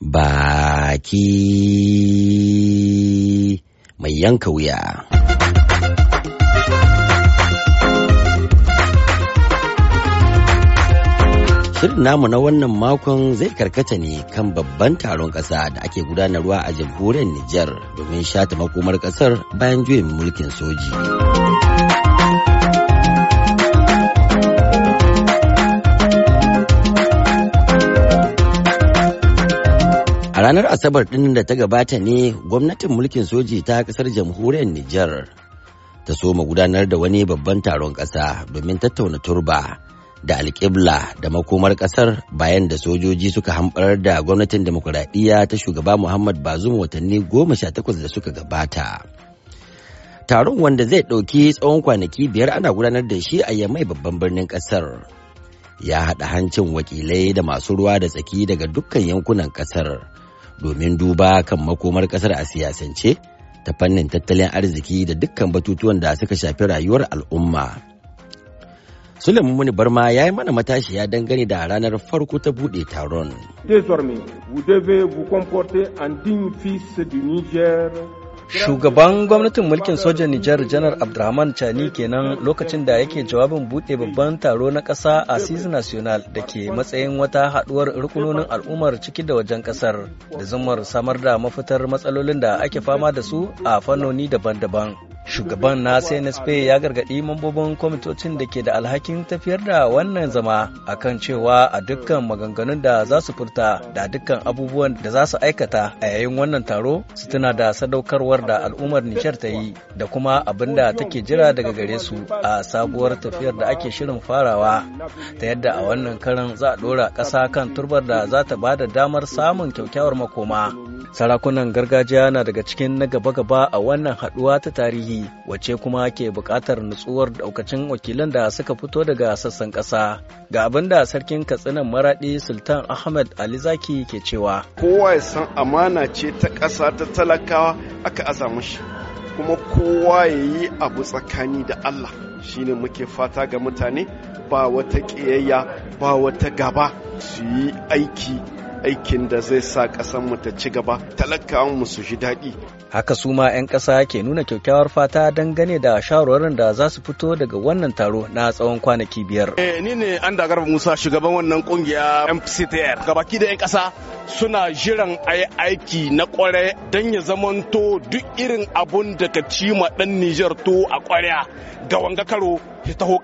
baki mai yanka wuya. Shirin namu na wannan makon zai karkata ne kan babban taron ƙasa da ake gudanarwa a jamhuriyar Nijar domin shata makomar ƙasar bayan juyin mulkin soji. ranar Asabar ɗin da ta gabata ne gwamnatin mulkin soji ta ƙasar jamhuriyar Nijar ta soma gudanar da wani babban taron ƙasa domin tattauna turba da alƙibla da makomar ƙasar bayan da sojoji suka hamɓarar da gwamnatin demokuraɗiyya ta shugaba Muhammad Bazum watanni goma sha takwas da suka gabata. Taron wanda zai ɗauki tsawon kwanaki biyar ana gudanar da shi a Yamai babban birnin ƙasar. Ya haɗa hancin wakilai da masu ruwa da tsaki daga dukkan yankunan ƙasar. domin duba kan makomar kasar a siyasance ta fannin tattalin arziki da dukkan batutuwan da suka shafi rayuwar al'umma. Suleiman Muni Barma ya yi mana matashi ya dangane da ranar farko ta buɗe taron. Désormais, vous devez vous comporter en digne fils du Niger Shugaban gwamnatin mulkin sojan Nijar Janar Abdurrahman Chani kenan lokacin da yake jawabin buɗe babban taro na ƙasa a Sis National da ke matsayin wata haɗuwar rukunonin al'ummar ciki da wajen ƙasar da zumar samar da mafitar matsalolin da ake fama da su a fannoni daban-daban. shugaban na cnsp ya gargaɗi mambobin kwamitocin da ke da alhakin tafiyar da wannan zama a kan cewa a dukkan maganganun da za su furta da dukkan abubuwan da za su aikata a yayin wannan taro su tuna da sadaukarwar da al'ummar nijar ta yi da kuma abin da take jira daga gare su a sabuwar tafiyar da ake shirin farawa ta yadda a wannan karan za a ɗora ƙasa kan turbar da za ta ba da damar samun kyaukyawar makoma sarakunan gargajiya na daga cikin na gaba-gaba a wannan haɗuwa ta tarihi yi wacce kuma ke buƙatar nutsuwar daukacin wakilan da suka fito daga sassan ƙasa ga abin da sarkin katsinan maraɗi sultan ahmed ali zaki ke cewa kowa ya san amana ce ta ƙasa ta talakawa aka aza shi. kuma kowa ya yi abu tsakani da allah shine muke fata ga mutane ba wata ƙiyayya ba wata gaba su yi aiki aikin da zai sa ƙasarmu ta ci gaba talakawan mu su ji daɗi haka su ma 'yan ƙasa ke nuna kyakkyawar fata dangane da shawarwarin da za su fito daga wannan taro na tsawon kwanaki biyar. Eh, ni ne an garba musa shugaban wannan kungiya mctr gabaki da 'yan ƙasa suna jiran a yi aiki na kware don ya zamanto duk irin abun da ka ci ma ɗan nijar to a kwarya ga wanga karo ya taho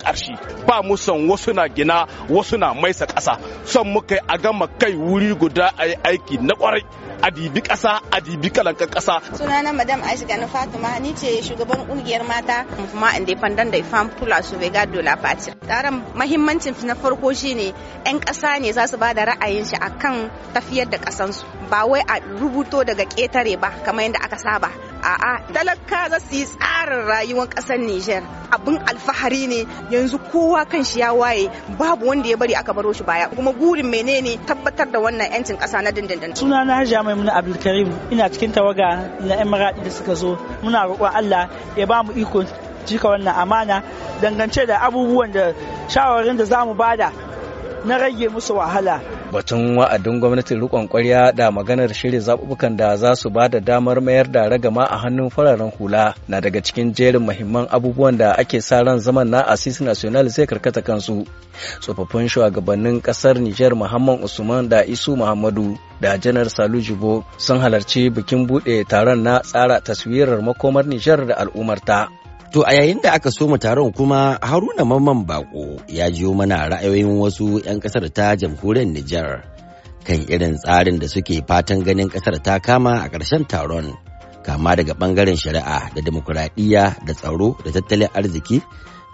ba mu san wasu na gina wasu na maisa ƙasa son muka a gama kai wuri guda a yi aiki na kwarai a dibi ƙasa a dibi kalankan ƙasa sunana madam aisha gani fatima ni ce shugaban kungiyar mata kuma independent da ifam pula su bai dola party taron mahimmancin na farko shine yan ƙasa ne za su bada ra'ayin shi akan tafiyar da ƙasansu ba wai a rubuto daga ƙetare ba kamar yadda aka saba a'a talaka za su yi tsarin rayuwar ƙasar Nijar abin alfahari ne yanzu kowa kan shi ya waye babu wanda ya bari aka baro shi baya kuma gurin menene tabbatar da wannan yancin ƙasa na dindindin suna na Hajiya Maimuna Abdulkarim ina cikin tawaga na Emirati da suka zo muna roƙon Allah ya ba mu iko cika wannan amana dangance da abubuwan da shawarin da za mu bada na rage musu wahala batun wa'adin gwamnatin rikon kwarya da maganar shirin zaɓuɓɓukan da za su ba da damar mayar da ragama a hannun fararen hula na daga cikin jerin mahimman abubuwan da ake sa ran zaman na asis national zai karkata kansu tsofaffin shugabannin ƙasar nijar muhammad usman da isu muhammadu da janar salu jibo sun halarci bikin buɗe taron na tsara taswirar makomar nijar da al'ummarta. To a yayin da aka soma taron kuma Haruna Mamman Bako ya jiyo mana ra'ayoyin wasu 'yan kasar ta jamhuriyar Nijar kan irin tsarin da suke fatan ganin kasar ta kama a ƙarshen taron kama daga ɓangaren shari'a da demokuraɗiyya da tsaro da tattalin arziki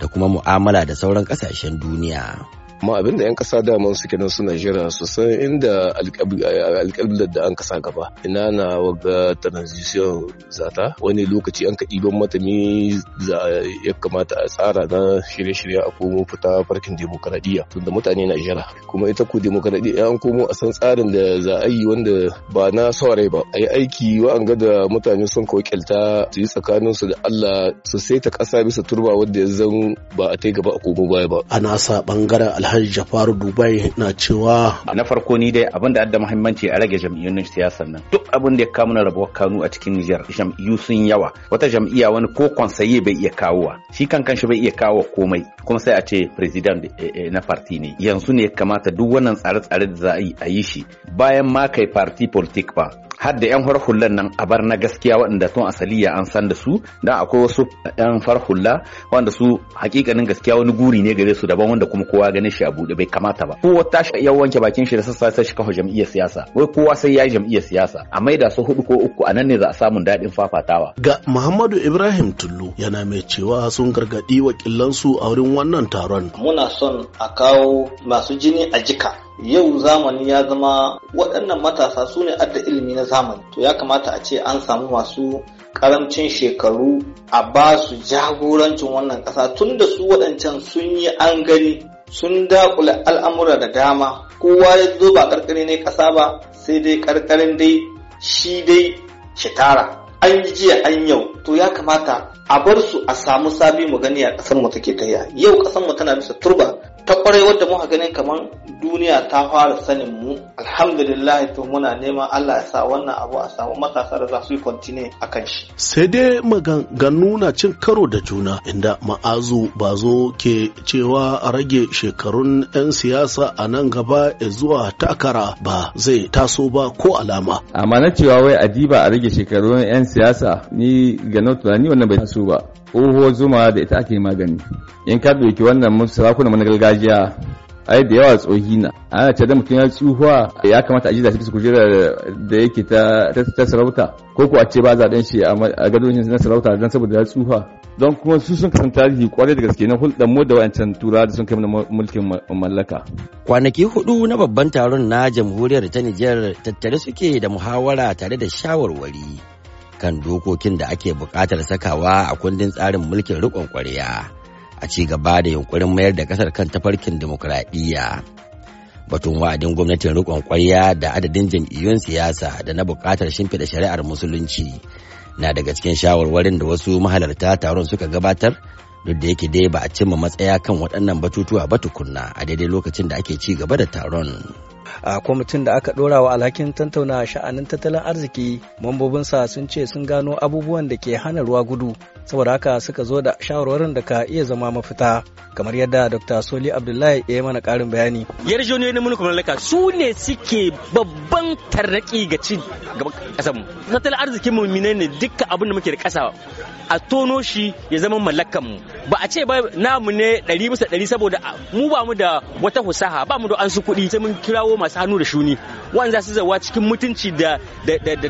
da kuma mu'amala da sauran ƙasashen duniya. amma abin da 'yan kasa daman suke nan su najeriya su san inda alƙablar da an kasa gaba ina na waga transition zata wani lokaci an ka iban mata za ya kamata a tsara na shirye-shirye a komo fita farkin demokaradiyya da mutane na kuma ita ku demokaradiyya an komo a san tsarin da za a yi wanda ba na saurayi ba a yi aiki wa'anga da mutane sun kyalta su yi tsakaninsu da Allah su ta kasa bisa turba wadda ya zan ba a ta gaba a komo baya ba. Ana sa ɓangaren alhaji jafaru dubai na cewa na farko ni dai abin da adda muhimmanci a rage jam'iyyun siyasar nan duk abin da ya kawo na rabuwar kanu a cikin nijar jam'iyyu sun yawa wata jam'iyya wani ko konsaye bai iya kawowa shi kan kanshi bai iya kawo komai kuma sai a ce president eh, eh, na parti ne yanzu ne kamata duk wannan tsare-tsare da za a yi shi bayan ma kai parti politik ba har da yan farhullan nan a bar na gaskiya waɗanda sun ya an san da su dan akwai wasu yan farhulla wanda su hakikanin gaskiya wani guri ne gare su daban wanda kuma kowa ganin shi a bude bai kamata ba kowa shi ya wanke bakin shi da sassa sai shi kafa jam'iyyar siyasa wai kowa sai ya yi jam'iyyar siyasa a maida su hudu ko uku a nan ne za a samu daɗin fafatawa ga Muhammadu Ibrahim Tullu yana mai cewa sun gargaɗi wakilansu a wurin wannan taron muna son a kawo masu jini a jika yau zamani ya zama waɗannan matasa su ne adda ilimi na zamani to ya kamata a ce an samu masu karamcin shekaru a ba su jagorancin wannan ƙasa tun da su waɗancan sun yi an gani sun daƙule al'amura da dama kowa ya zo ba ƙarƙari ne ƙasa ba sai dai ƙarƙarin dai shi dai shi an yi jiya an yau to ya kamata a bar su a samu sabi mu gani a kasar mu take tahiya yau kasar mu tana bisa turba ta kwarai wadda muka ganin kamar duniya ta fara sanin mu alhamdulillah to muna neman Allah ya sa wannan abu a samu matasa da za su yi continue a kan shi sai dai maganganu na cin karo da juna inda ma'azu bazo ke cewa a rage shekarun 'yan siyasa a nan gaba zuwa takara ba zai taso ba ko alama amma na cewa wai adiba a rage shekarun 'yan siyasa ni ga na tunani wannan bai taso ba oho zuma da ita ake magani in ka ɗauki wannan sarakuna na gargajiya ai da yawa tsohi na ana ce da mutum ya tsuhuwa ya kamata a ji zafi kujerar da yake ta sarauta ko ko a ce ba zaɓen shi a gadon na sarauta don saboda ya tsuhuwa don kuma su sun kasan tarihi kwarai da gaske na hulɗar mu da wancan tura da sun kai mana mulkin mallaka. Kwanaki hudu na babban taron na jamhuriyar ta Nijar tattare suke da muhawara tare da shawarwari. kan dokokin da ake buƙatar sakawa a kundin tsarin mulkin riƙon ƙwarya a ci gaba da yunkurin mayar da ƙasar kan tafarkin dimokuraɗiyya. Batun wa'adin gwamnatin riƙon ƙwarya da adadin jam'iyyun siyasa da na buƙatar shimfiɗa shari'ar musulunci na daga cikin shawarwarin da wasu mahalarta taron suka gabatar duk da yake dai ba a cimma matsaya kan waɗannan batutuwa ba tukunna a daidai lokacin da ake ci gaba da taron. a kwamitin da aka ɗora wa alhakin tantauna sha'anin tattalin arziki mambobinsa sun ce sun gano abubuwan da ke hana ruwa gudu saboda haka suka zo da shawarwarin da ka iya zama mafita kamar yadda dr soli abdullahi ya yi mana ƙarin bayani mun kuma mallaka su ne suke babban tarraki ga ci gaban mu tattalin arzikin mu ne dukkan abin da muke da ƙasa a tono shi ya zama mallakan mu ba a ce ba namu ne 100 bisa 100 saboda mu ba mu da wata husaha ba mu da an su kuɗi sai mun kirawo masu hannu da shuni wanda su zawa cikin mutunci da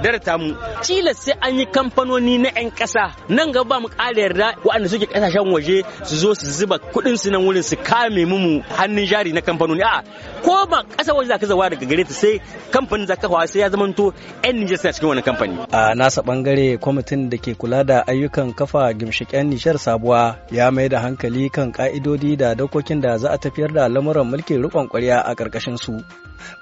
darata mu tilas sai an yi kamfanoni na 'yan kasa nan gaba mu ƙara yarda waɗanda suke ƙasashen waje su zo su zuba kuɗin su nan wurin su kame mu hannun jari na kamfanoni a ko ba ƙasa waje za ka zawa daga gare ta sai kamfanin za ka sai ya zamanto 'yan Nijar suna cikin wani kamfani. A nasa bangare kwamitin da ke kula da ayyukan kafa gimshiƙen nishar sabuwa ya mai da hankali kan ka'idodi da dokokin da za a tafiyar da lamuran mulkin riƙon kwarya a ƙarƙashin su.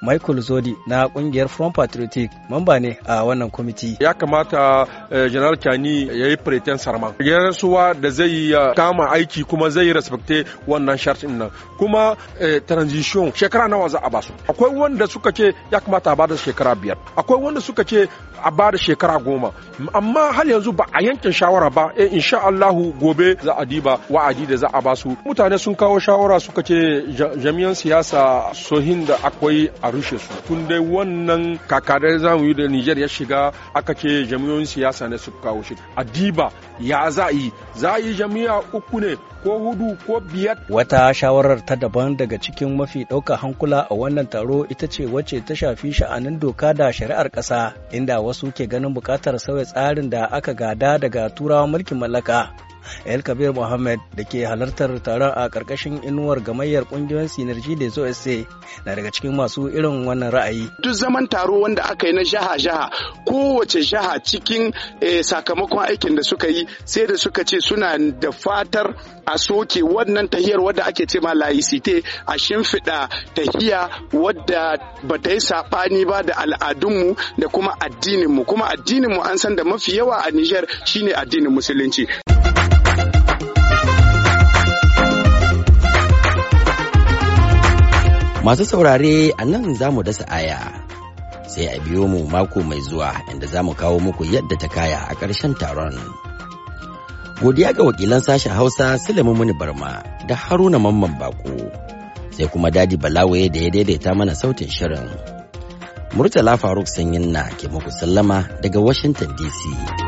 michael zodi na kungiyar front patriotic mamba ne a wannan kwamiti ya kamata eh, general Kani ya yi pretend sarman suwa da zai yi eh, kama aiki kuma zai respecte wannan shartin nan kuma eh, transition shekara nawa za a basu akwai wanda suka ce ya kamata a bada shekara biyar akwai wanda suka ce a bada shekara goma amma hal yanzu ba a yankin shawara ba eh insha Allahu gobe za a diba wa'adi da za a basu mutane sun kawo shawara suka ce jami'an siyasa sohin da akwai a rushe su tun dai wannan kakadar zamu yi da Nijar ya shiga aka ce jami'oyin siyasa ne suka kawo shi a ya za yi za yi jami'a uku ne ko hudu ko biyar. Wata shawarar ta daban daga cikin mafi ɗauka hankula a wannan taro ita ce wacce ta shafi sha'anin doka da shari'ar ƙasa inda wasu ke ganin buƙatar sauya tsarin da aka gada daga turawa mulkin mallaka. El Kabir Mohammed da ke halartar taron a ƙarƙashin inuwar gamayyar ƙungiyoyin Sinarji da ZOSA na daga cikin masu irin wannan ra'ayi. Duk zaman taro wanda aka yi na jaha-jaha kowace jaha cikin eh, sakamakon aikin da suka yi sai da suka ce suna da fatar a a soke wannan tahiyar wadda ake ce ma laicite a shimfiɗa tahiya wadda ba ta yi saɓani ba da al'adunmu da kuma addininmu kuma addininmu an san da mafi yawa a Nijar shine addinin musulunci. Masu saurare a nan za mu dasa aya sai a biyo mu mako mai zuwa inda za mu kawo muku yadda ta kaya a ƙarshen taron. Godiya ga wakilan sashen Hausa Sulaiman Muni Barma da Haruna Mamman Bako. Sai kuma Dadi Balawaye da ya daidaita mana sautin shirin. Murtala Faruk Sanyin na ke muku sallama daga Washington DC.